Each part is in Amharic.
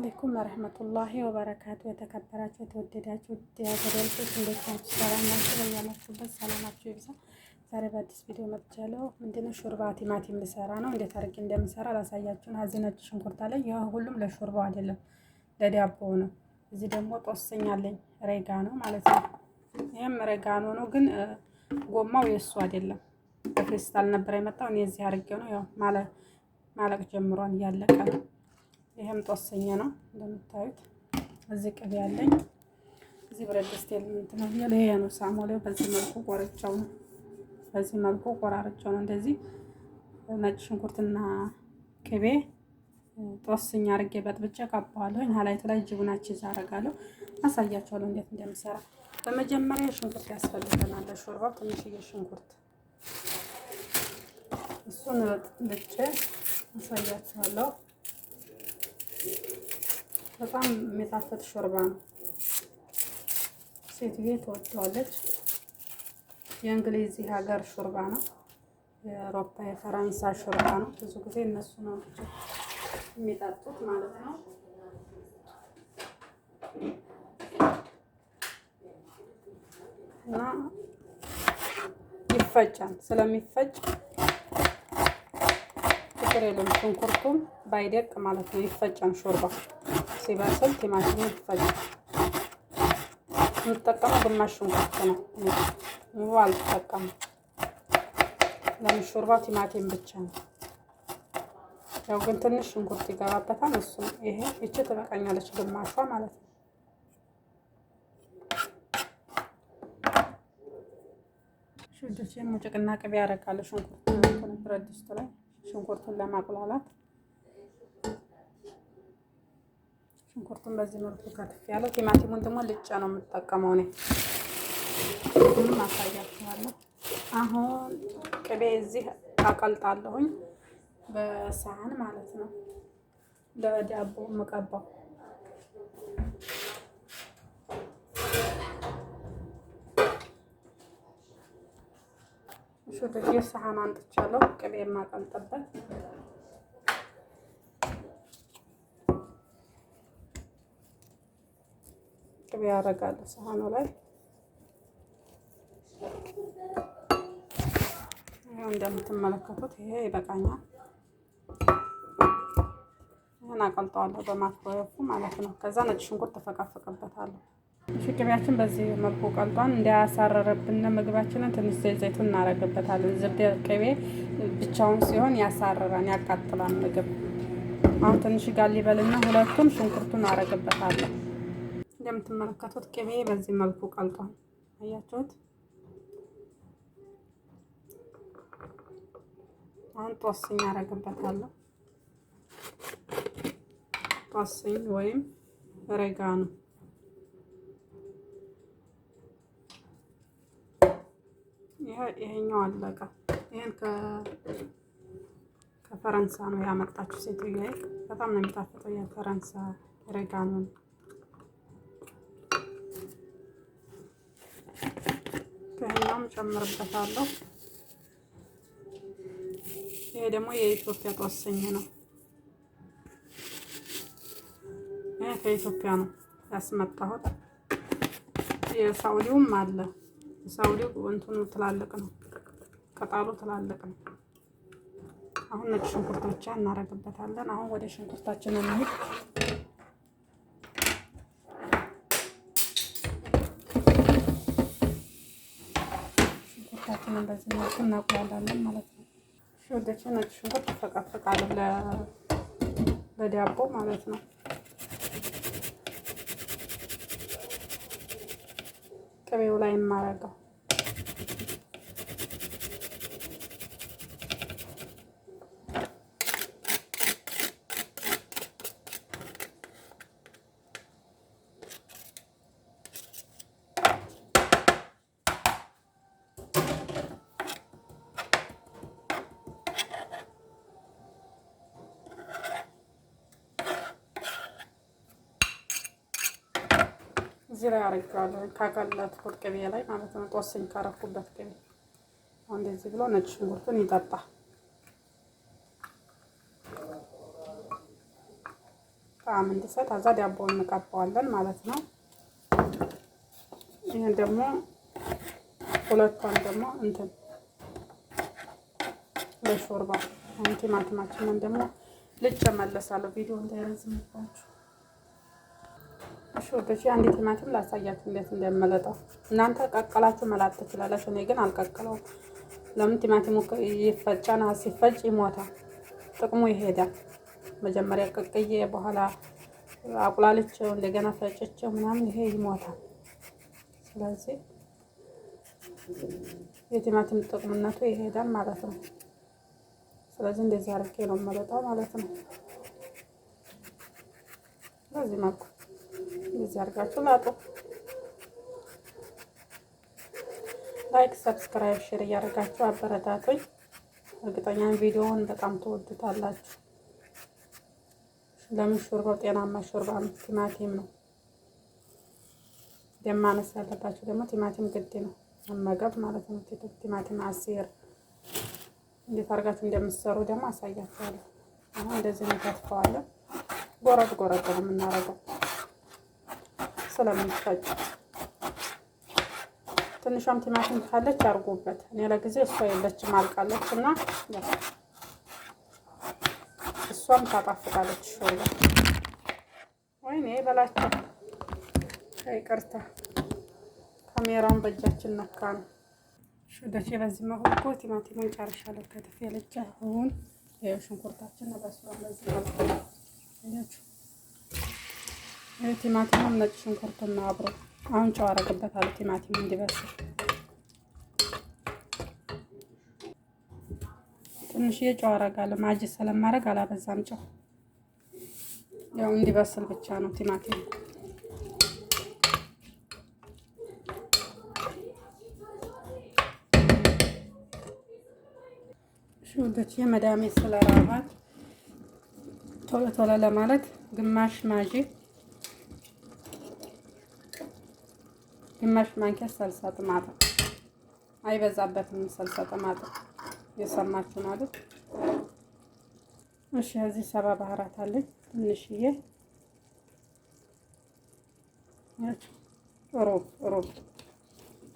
አለይኩም ወረህመቱላሂ ወበረካቱ። የተከበራችሁ የተወደዳችሁ የሀገሬ እንዴት ናችሁ? ሰላም ናችሁ? በያላችሁበት ሰላማችሁ ይብዛ። ዛሬ በአዲስ ቪዲዮ መጥቻለሁ። ምንድነው ሾርባ ቲማቲም ልሰራ ነው። እንዴት አድርጌ እንደምሰራ አላሳያችሁን። አዚህ ነጭ ሽንኩርት አለኝ። ይህ ሁሉም ለሾርባው አይደለም ለዳቦ ነው። እዚህ ደግሞ ጦስኝ አለኝ፣ ሬጋ ነው ማለት ነው። ይህም ሬጋ ነው ነው፣ ግን ጎማው የእሱ አይደለም። በፌስታል ነበር የመጣው። እኔ እዚህ አድርጌው ነው ማለቅ ጀምሯን እያለቀ ነው ይህም ጦሰኛ ነው እንደምታዩት። እዚህ ቅቤ ያለኝ እዚህ ብረት ድስት ያለ ይሄ ነው ሳሞሌው። በዚህ መልኩ ቆርጬው ነው በዚህ መልኩ ቆራርጬው ነው እንደዚህ ነጭ ሽንኩርትና ቅቤ ጦስኝ አድርጌ በጥብጬ ቀባዋለሁ። ሀላይቱ ላይ ጅቡናች ቺዝ አደርጋለሁ። አሳያችኋለሁ እንዴት እንደምሰራ። በመጀመሪያ ሽንኩርት ያስፈልገናል ለሾርባው ትንሽዬ ሽንኩርት፣ እሱን ልጬ አሳያችኋለሁ። በጣም የሚጣፍጥ ሾርባ ነው። ሴትዬ ትወደዋለች። የእንግሊዝ ሀገር ሾርባ ነው። የአውሮፓ የፈረንሳ ሾርባ ነው። ብዙ ጊዜ እነሱ ነው የሚጠጡት ማለት ነው። እና ይፈጫል። ስለሚፈጭ ችግር የለም። ሽንኩርቱም ባይደቅ ማለት ነው። ይፈጫል ሾርባ ሲበስል ቲማቲም ይፈጫል። የምጠቀመው ግማሽ ሽንኩርት ነው። ሙሉ አልጠቀምም። ለምሾርባው ቲማቲም ብቻ ነው። ያው ግን ትንሽ ሽንኩርት ይገባበታል። እሱ ይሄ ይቺ ትበቃኛለች፣ ግማሿ ማለት ነው። ሽንኩርት ሙጭቅና ቅቤ ያደርጋለሁ። ሽንኩርት ብረት ድስት ላይ ሽንኩርቱን ለማቁላላት ሽንኩርቱን በዚህ መልኩ ከትፍ ያለው ቲማቲሙን ደግሞ ልጫ ነው የምጠቀመው እኔ ምንም አሳያችኋለሁ። አሁን ቅቤ እዚህ አቀልጣለሁኝ በሳህን ማለት ነው። ለዳቦ የምቀባው ሹርዬ ሳህን አንጥቻለሁ ቅቤ የማቀልጥበት ያደርጋል ሳህኑ ላይ እንደምትመለከቱት ይሄ ይበቃኛል። ይህን አቀልጠዋለሁ በማክሮዌቭ ማለት ነው። ከዛ ነጭ ሽንኩርት ተፈቃፈቅበታለሁ። እሺ ቅቤያችን በዚህ መልኩ ቀልጧን እንዳያሳረረብን ምግባችንን ትንሽ ዘይቱን እናደርግበታለን። ዝብደ ቅቤ ብቻውን ሲሆን ያሳረራን ያቃጥላል ምግብ። አሁን ትንሽ ጋር ሁለቱም ሽንኩርቱን እናደርግበታለን። እንደምትመለከቱት ቅቤ በዚህ መልኩ ቀልጧል። አያችሁት? አሁን ጦስኝ አደርግበታለሁ። ጦስኝ ወይም ረጋ ነው። ይሄኛው አለቀ። ይሄን ከፈረንሳ ነው ያመጣችሁ ሴትዮዋ። በጣም ነው የሚጣፍጠው የፈረንሳ ረጋ ነው። ይሄኛውም ጨምርበታለሁ። ይሄ ደግሞ የኢትዮጵያ ጦስኝ ነው። ይሄ ከኢትዮጵያ ነው ያስመጣሁት። የሳውዲውም አለ። የሳውዲው እንትኑ ትላልቅ ነው፣ ቅጠሉ ትላልቅ ነው። አሁን ነጭ ሽንኩርት ብቻ እናደርግበታለን። አሁን ወደ ሽንኩርታችን እንሂድ። ሽንኩርታችንን በዚህ መልኩ እናቁላላለን ማለት ነው። ሽወደች ነጭ ሽንኩርት ፈቀፍቃለሁ ለዳቦ ማለት ነው። ቅቤው ላይ የማረገው እዚህ ላይ አረጋለሁ ካቀላት ቁርጥ ቅቤ ላይ ማለት ነው። ጦስኝ ካረኩበት ቅቤ እንደዚህ ብሎ ነጭ ሽንኩርቱን ይጠጣ። ጣም እንዲሰጥ አዛ ዳቦውን እንቀባዋለን ማለት ነው። ይህን ደግሞ ሁለቷን ደግሞ እንትን ለሾርባ ቲማቲማችንን ደግሞ ልጭ መለሳለሁ ቪዲዮ እንዳይረዝምባችሁ እሺ አንድ ቲማቲም ላሳያችሁ እንዴት እንደምለጠው። እናንተ ቀቀላችሁ መላጥ ትችላላችሁ። እኔ ግን አልቀቅለውም። ለምን ቲማቲሙ ይፈጫና ሲፈጭ ይሞታል። ጥቅሙ ይሄዳል። መጀመሪያ ቀቅዬ በኋላ አቁላልቼው እንደገና ፈጭቼው ምናምን ይሄ ይሞታል። ስለዚህ የቲማቲም ጥቅምነቱ ይሄዳል ማለት ነው። ስለዚህ እንደዚህ አድርጌ ነው የምለጠው ማለት ነው በዚህ መልኩ እንደዚህ አድርጋችሁ ናጡ። ላይክ፣ ሰብስክራይብ፣ ሼር እያደረጋችሁ አበረታቶኝ። እርግጠኛ ቪዲዮውን በጣም ትወዱታላችሁ። ለምን ሾርባው ጤናማ ሾርባ ነው፣ ቲማቲም ነው። ደም ማነስ ያለባችሁ ደግሞ ቲማቲም ግድ ነው መመገብ ማለት ነው። ቲማቲም አሴር እንዴት አድርጋችሁ እንደምትሰሩ ደግሞ አሳያችኋለሁ። አሁን እንደዚህ ነው ታጥፈዋለሁ። ጎረድ ጎረድ ነው የምናደርገው። ስለሚፈጭ ትንሿም ቲማቲም ካለች አድርጎበት። እኔ ለጊዜ እሷ የለችም አልቃለች እና እሷም ታጣፍጣለች። ሾላ ወይኔ በላቸው። ይቅርታ ካሜራውን በእጃችን ነካ ነው። ሹደቴ በዚህ መልኩ ቲማቲሙን ጨርሻለሁ። ከትፌ ልጬ አሁን ሽንኩርታችን በሱ በዚህ መልኩ ቲማቲሙን ነጭ ሽንኩርቱና አብሮ አሁን ጨው አረግበታለሁ። ቲማቲም እንዲበስል ትንሽዬ ጨው አረጋለሁ። ማጅ ስለማድረግ አላበዛም ጨው ያው እንዲበስል ብቻ ነው ቲማቲም ሽውዶች የመዳሜ ስለራባት ቶሎ ቶሎ ለማለት ግማሽ ማጅ ግማሽ ማንኪያ ሰልሰ ጥማጥም አይበዛበትም። ሰልሳ ጥማጥም የሰማችሁ ማለት እሺ። እዚህ ሰባ ባህራት አለኝ ትንሽዬ ሮብ ሮብ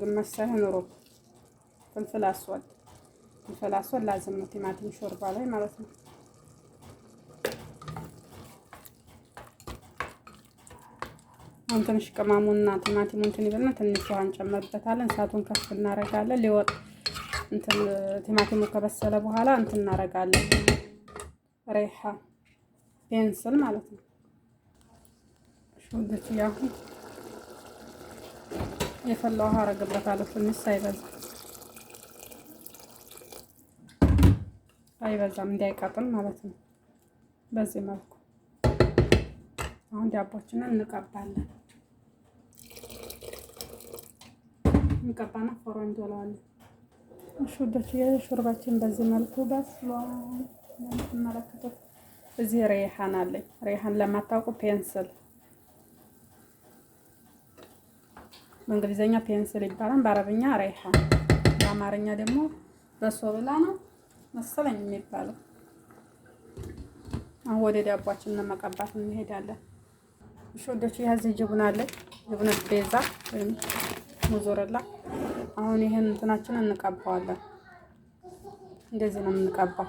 ግማሽ ሳይሆን ሮብ ፍልፍል አስወድ ፍልፍል አስወድ ላዝም ነው ቲማቲም ሾርባ ላይ ማለት ነው። አሁን ትንሽ ቅመሙና ቲማቲሙን እንትን ይበልና ትንሽ ውሃ እንጨምርበታለን። እሳቱን ከፍ እናረጋለን። ሊወጥ እንትን ቲማቲሙ ከበሰለ በኋላ እንትን እናረጋለን። ሬሓ ቤንስል ማለት ነው። ሹልት ያሁ የፈላ ውሃ አረግበታለሁ። ትንሽ ሳይበዛ አይበዛም፣ እንዳይቀጥል ማለት ነው። በዚህ መልኩ አሁን ዳቦችንን እንቀባለን። እንቀባና ፎሮ እንዶለዋለን። እሺ ወዳችሁ የሾርባችን በዚህ መልኩ በስሏ የምትመለከቱት እዚህ ሬሃን አለኝ። ሬሃን ለማታውቁ ፔንስል በእንግሊዝኛ ፔንስል ይባላል፣ በአረብኛ ሬሃን፣ በአማርኛ ደግሞ ብላ ነው መሰለኝ የሚባለው። አሁን ወደ ዳቧችን ለመቀባት እንሄዳለን። እሺ ወዳችሁ ያዚህ ጅቡና አለ ጅቡነት ቤዛ ወይም ሙዞረላ አሁን ይሄን እንትናችን እንቀባዋለን። እንደዚህ ነው የምንቀባው።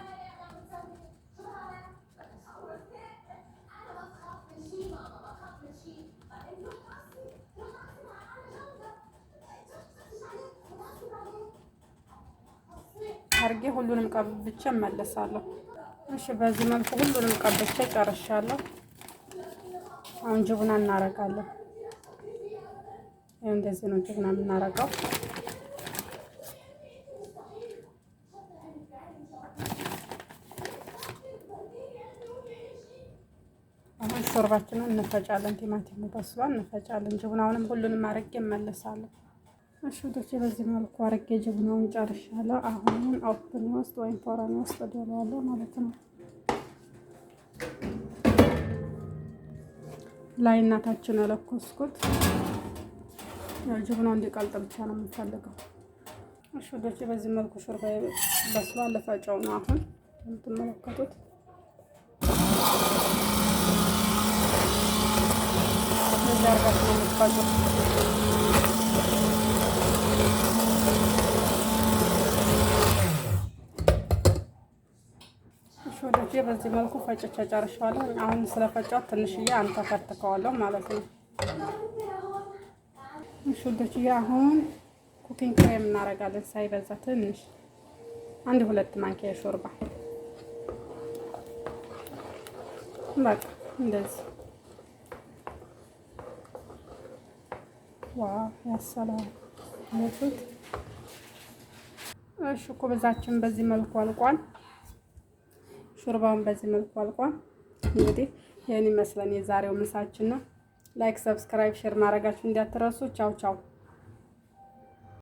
አርጌ ሁሉንም ቀብቼ እመለሳለሁ። እሺ፣ በዚህ መልኩ ሁሉንም ቀብቼ ጨርሻለሁ። አሁን ጅቡና እናረጋለን። እንደዚህ ነው ጀብና የምናረገው። አሁን ሾርባችንን እንፈጫለን። ቲማቲም በስሏል፣ እንፈጫለን። ጅቡናውንም ሁሉንም አድርጌ እመለሳለሁ። እሺ በዚህ መልኩ አድርጌ ጀብናውን ጨርሻለሁ። አሁንም ኦፕን ውስጥ ወይም ፎረን ውስጥ እደዋለሁ ማለት ነው። ላይ እናታችን ለኮስኩት። ያው ጀብናው እንዲቀልጥ ብቻ ነው የምንፈልገው። እሺ ወዶች በዚህ መልኩ ሾርባ በስሏል። ልፈጨው ነው አሁን የምትመለከቱት። በዚህ ወደዚህ በዚህ መልኩ ፈጭቼ ጨርሻለሁ። አሁን ስለፈጫው ትንሽዬ አንተከትከዋለሁ ማለት ነው። ሹልዶች አሁን ኩኪንግ ክሬም እናደርጋለን። ሳይበዛ ትንሽ አንድ ሁለት ማንኪያ ሾርባ በቃ እንደዚህ። ዋ ያሰላል ነቱት። እሺ ኩብዛችን በዚህ መልኩ አልቋል። ሹርባውን በዚህ መልኩ አልቋል። እንግዲህ ይህን ይመስለን የዛሬው ምሳችን ነው። ላይክ፣ ሰብስክራይብ፣ ሼር ማድረጋችሁ እንዳትረሱ። ቻው ቻው።